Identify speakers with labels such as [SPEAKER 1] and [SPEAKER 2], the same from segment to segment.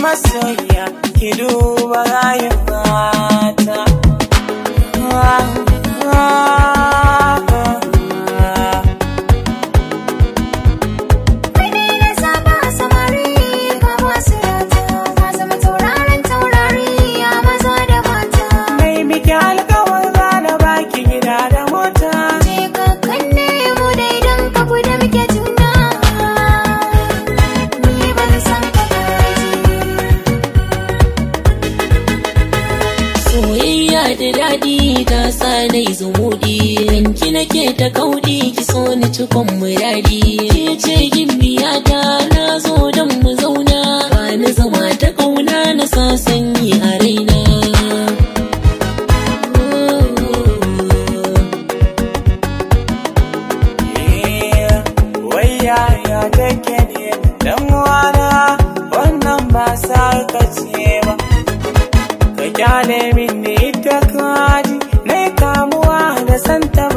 [SPEAKER 1] masoya ki duba rayuwata. Ah.
[SPEAKER 2] da daɗi ta sa na zumuɗi na nake ta kauɗi ki so ni cikon muradi ke ce gimbiyata na zo don mu zauna ba na zama ta kauna na sa sanyi a raina Yeah, I
[SPEAKER 1] mean. wannan ba ba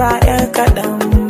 [SPEAKER 1] ba 'yar kaɗan